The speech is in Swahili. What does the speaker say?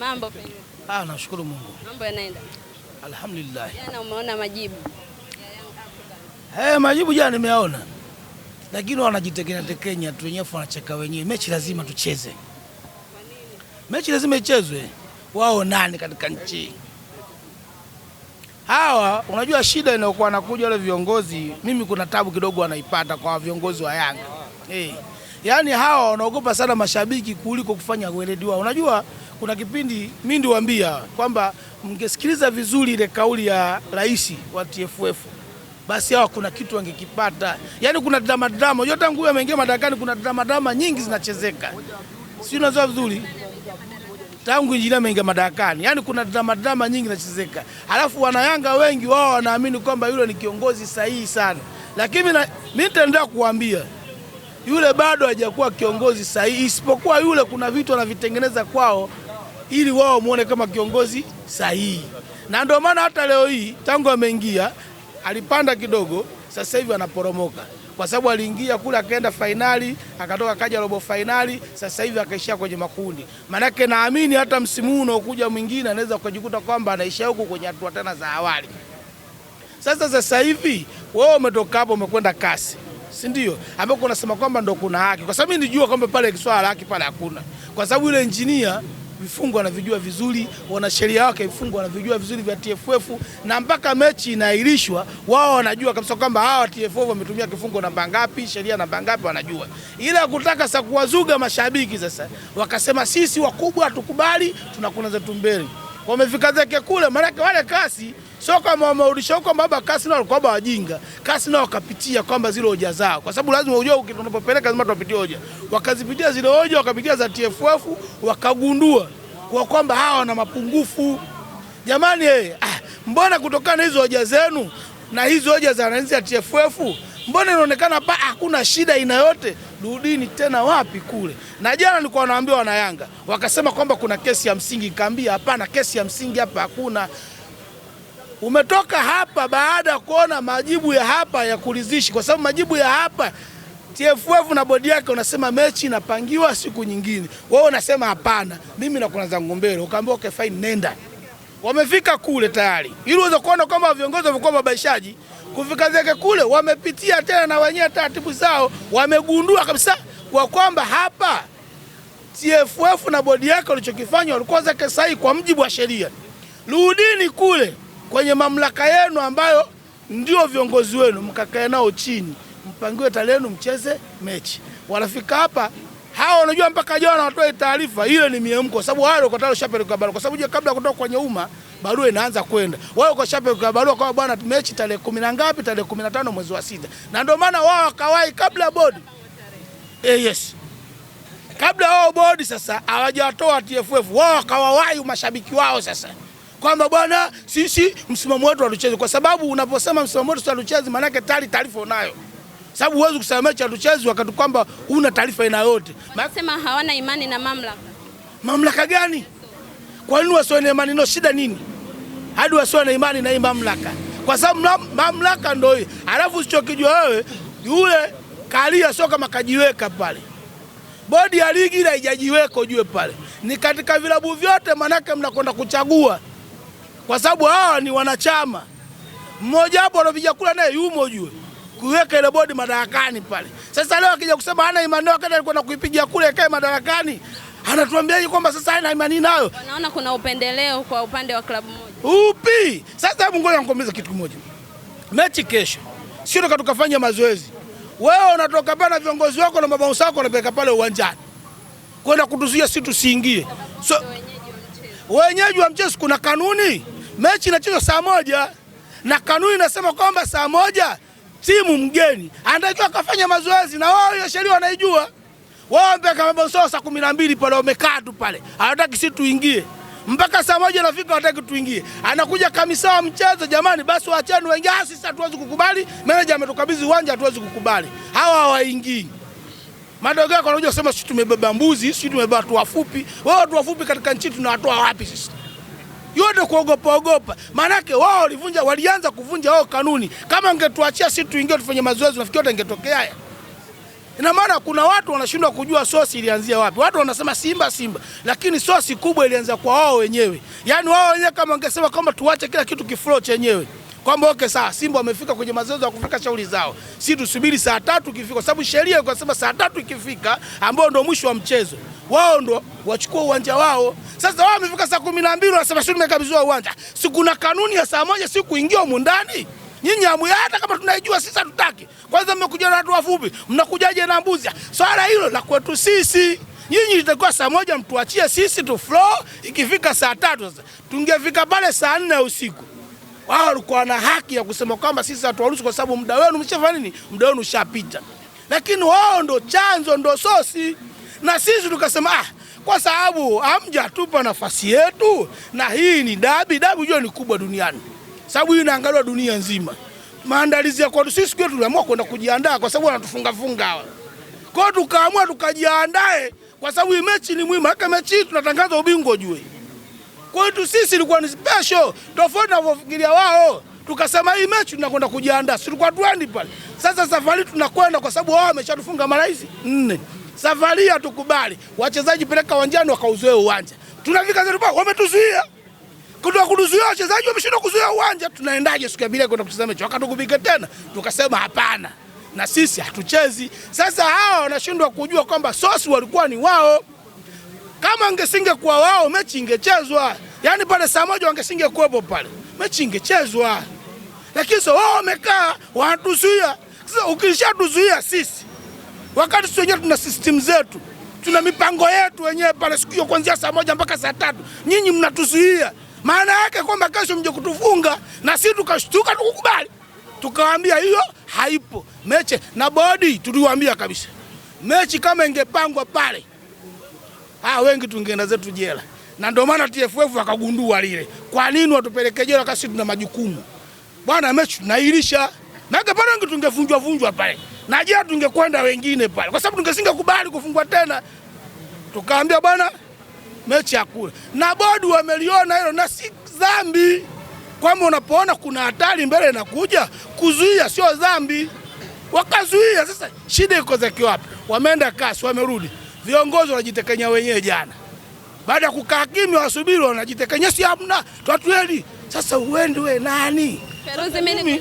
Mambo pengine. Ah, nashukuru Mungu. Mambo yanaenda. Alhamdulillah. Jana umeona majibu. Eh, majibu jana nimeona. Lakini wanajitekenya tekenya tu wenyewe wanacheka wenyewe. Mechi lazima tucheze. Kwa nini? Mechi lazima ichezwe. Wao nani katika nchi? Hawa unajua shida inayokuwa nakuja wale viongozi, mimi kuna tabu kidogo wanaipata kwa viongozi wa Yanga. Eh. Hey. Yaani hawa wanaogopa sana mashabiki kuliko kufanya weledi wao. Unajua kuna kipindi mimi ndiwaambia kwamba mngesikiliza vizuri ile kauli ya rais wa TFF basi hawa kuna kitu wangekipata. Yaani kuna drama drama. Unajua tangu huyu ameingia madarakani kuna drama drama nyingi zinachezeka. Si unazoa vizuri? Tangu injinia ameingia madarakani. Yaani kuna drama drama nyingi zinachezeka. Alafu wanayanga wengi wao wanaamini kwamba yule ni kiongozi sahihi sana. Lakini mimi nitaendelea kuambia yule bado hajakuwa kiongozi sahihi, isipokuwa yule kuna vitu anavitengeneza kwao ili wao muone kama kiongozi sahihi, na ndio maana hata leo hii tangu ameingia alipanda kidogo, sasa hivi anaporomoka kwa sababu aliingia kule akaenda fainali akatoka kaja robo fainali, sasa hivi akaishia kwenye makundi. Maanake naamini hata msimu huu unaokuja mwingine anaweza kujikuta kwamba anaishia huko kwenye hatua tena za awali. Sasa sasa hivi wewe umetoka hapo umekwenda kasi si ndio? Ambako unasema kwamba ndo kuna haki, kwa sababu nijua kwamba pale kiswala haki pale hakuna, kwa sababu yule injinia vifungo anavijua vizuri, wanasheria wake vifungo wanavijua vizuri vya TFF, na mpaka mechi inaahirishwa wao wanajua kabisa kwamba hawa TFF wametumia kifungo namba ngapi, sheria namba ngapi, wanajua. Ila kutaka sasa kuwazuga mashabiki sasa, wakasema sisi wakubwa hatukubali, tunakuna zetu mbele, wamefika zake kule, maanake wale kasi Sio kama wamerudisha huko baba kasino walikuwa baba wajinga. kasi Kasino wakapitia kwamba zile hoja zao. Kwa sababu lazima ujue unapopeleka lazima tuwapitie hoja. Wakazipitia zile hoja, wakapitia za TFF, wakagundua kwa kwamba hawa wana mapungufu. Jamani eh, ah, mbona kutokana na hizo hoja zenu na hizo hoja za wananchi ya TFF mbona inaonekana pa hakuna shida inayote? yote? Rudini tena wapi kule? Na jana nilikuwa naambia wana Yanga, wakasema kwamba kuna kesi ya msingi, nikaambia hapana, kesi ya msingi hapa hakuna. Umetoka hapa baada ya kuona majibu ya hapa ya kuridhishi, kwa sababu majibu ya hapa TFF na bodi yake unasema mechi inapangiwa siku nyingine, wewe unasema hapana, mimi nakuna zangu mbele, ukaambia okay fine, nenda. Wamefika kule tayari, ili uweze kuona kwamba viongozi wamekuwa mabaishaji. Kufika zake kule wamepitia tena na wenyewe taratibu zao, wamegundua kabisa kwa kwamba hapa TFF na bodi yake walichokifanya walikuwa zake sahihi kwa mjibu wa sheria. Rudini kule kwenye mamlaka yenu ambayo ndio viongozi wenu, mkakae nao chini, mpangiwe tarehe yenu, mcheze mechi. Wanafika hapa hawa unajua mpaka jana watoe taarifa hiyo ni miemko sababu wale kwa tayari kwa barua, kwa sababu kabla kutoka kwenye umma barua inaanza kwenda, wao kwa kwa barua kwa bwana, mechi tarehe kumi na ngapi? Tarehe 15 mwezi wa sita, na ndio maana wao wakawai kabla bodi eh, yes kabla wao bodi sasa hawajatoa TFF, wao wakawawai mashabiki wao sasa kwamba bwana, sisi msimamo wetu hatuchezi, kwa sababu unaposema msimamo wetu hatuchezi, maana yake tayari taarifa unayo sababu huwezi kusema mechi hatuchezi wakati kwamba huna taarifa ina yote. Wanasema hawana imani na mamlaka. Mamlaka gani? Kwa nini wasio na imani? Ndio shida nini hadi wasio na imani na hii mamlaka? Kwa sababu mamlaka ndio hii. Alafu usichokijua wewe, yule kalia sio kama kajiweka pale, bodi ya ligi ile haijajiweka ujue pale, ni katika vilabu vyote, manake mnakwenda kuchagua kwa sababu hawa ni wanachama. Mmoja wapo anapiga kula naye yumo jue kuweka ile bodi madarakani pale. Sasa leo akija kusema hana imani nayo, kada alikuwa nakuipigia kule kae madarakani, anatuambiaje kwamba sasa hana imani nayo? Wanaona kuna upendeleo kwa upande wa klabu moja. Upi? Sasa hebu ngoja nikuambie kitu kimoja. Mechi kesho, sio ndo tukafanya mazoezi. Wewe unatoka pale na viongozi wako na mabao wako unapeleka pale uwanjani kwenda kutuzuia sisi tusiingie. So, wenyeji wa mchezo kuna kanuni mechi inachezwa saa moja na kanuni inasema kwamba saa moja timu mgeni anatakiwa akafanya mazoezi, na wao hiyo sheria wanaijua wao, mpaka saa kumi na mbili pale wamekaa tu pale, hawataki si tuingie mpaka saa moja nafika, hawataki tuingie. Anakuja kamisa wa mchezo, jamani, basi waacheni waingie. Ah, sisi hatuwezi kukubali, meneja ametukabidhi uwanja, hatuwezi kukubali, hawa hawaingii. Madogo yako anakuja kusema sisi tumebeba mbuzi, sisi tumebeba watu wafupi. Wao watu wafupi katika nchi tunawatoa wapi sisi? tuende kuogopa ogopa, maanake wao walivunja, walianza kuvunja wao kanuni. Kama ungetuachia sisi tuingie tufanye mazoezi, nafikiri hata ingetokea. Ina maana kuna watu wanashindwa kujua sosi ilianzia wapi. Watu wanasema Simba Simba, lakini sosi kubwa ilianza kwa wao wenyewe. Yaani wao wenyewe kama wangesema kwamba tuache kila kitu kiflo chenyewe kwamba okay, sawa, Simba wamefika kwenye mazoezi ya kufika shauri zao, si tusubiri saa tatu ikifika, kwa sababu sheria ikasema saa tatu ikifika, ambao ndio mwisho wa mchezo wao, ndio wachukua uwanja wao. Sasa wao wamefika saa kumi na mbili wanasema sio, nimekabidhiwa uwanja. Si kuna kanuni ya saa moja si kuingia humu ndani? Nyinyi amuya hata kama tunaijua sisi hatutaki. Kwanza mmekuja na watu wafupi, mnakujaje na mbuzi? Swala hilo la kwetu sisi. Nyinyi itakuwa saa moja mtuachie sisi tu flow. Ikifika saa tatu sasa tungefika pale saa nne usiku wao walikuwa na haki ya kusema kwamba sisi hatuwaruhusu kwa sababu muda wenu mshafanya nini, muda wenu ushapita. Lakini wao ndo chanzo, ndo sosi, na sisi tukasema ah, kwa sababu hamjatupa nafasi yetu, na hii ni dabi. Dabi hiyo ni kubwa duniani, sababu hii inaangaliwa dunia nzima. Maandalizi ya kwetu sisi kwetu, tuliamua kwenda kujiandaa kwa sababu wanatufunga funga hawa. Kwa tukaamua tukajiandae, kwa sababu hii mechi ni muhimu. Hata mechi hii tunatangaza ubingwa, ujue. Kwa hiyo sisi ilikuwa ni special tofauti na wafikiria wao. Tukasema hii mechi tunakwenda kujiandaa, si tulikuwa twende pale. Sasa safari tunakwenda kwa sababu wao wameshatufunga mara hizi nne. Safari hatukubali, wachezaji peleka uwanjani wakauzoe uwanja. Tunafika Zanzibar wametuzuia kutoka kuduzuia wachezaji wameshindwa kuzuia uwanja, tunaendaje siku ya bila kwenda kucheza mechi? Wakatugubika tena, tukasema hapana, na sisi hatuchezi. Sasa hawa wanashindwa kujua kwamba sosi walikuwa ni wao. Kama angesinge kuwa wao, mechi ingechezwa. Yaani pale saa moja wangeshinge kuwepo pale, mechi ingechezwa, lakini sio wao wamekaa wanatuzuia. Sasa ukishatuzuia sisi, wakati sisi wenyewe tuna system zetu, tuna mipango yetu wenyewe pale, siku hiyo kuanzia saa moja mpaka saa tatu, nyinyi mnatuzuia. Maana yake kwamba kesho mje kutufunga, na sisi tukashtuka, tukukubali, tukawaambia hiyo haipo mechi. Na bodi tuliwaambia kabisa, mechi kama ingepangwa pale, ah, wengi tungeenda zetu jela na ndio maana TFF wakagundua lile. Kwa nini watupeleke jela kasi tuna majukumu bwana? Mechi tunailisha nagapana, tungefunjwa vunjwa pale na je, tungekwenda wengine pale, kwa sababu tungesinga kubali kufungwa tena. Tukaambia bwana, mechi hakuna, na bodi wameliona hilo, na si dhambi kwamba unapoona kuna hatari mbele inakuja kuzuia, sio dhambi. Wakazuia. Sasa shida iko zake wapi? Wameenda kasi, wamerudi, viongozi wanajitekenya wenyewe jana baada ya kukaa kimya, wasubiri wanajiteka nyasi, hamna twatweli. Sasa uende we nani? Feruzi, mimi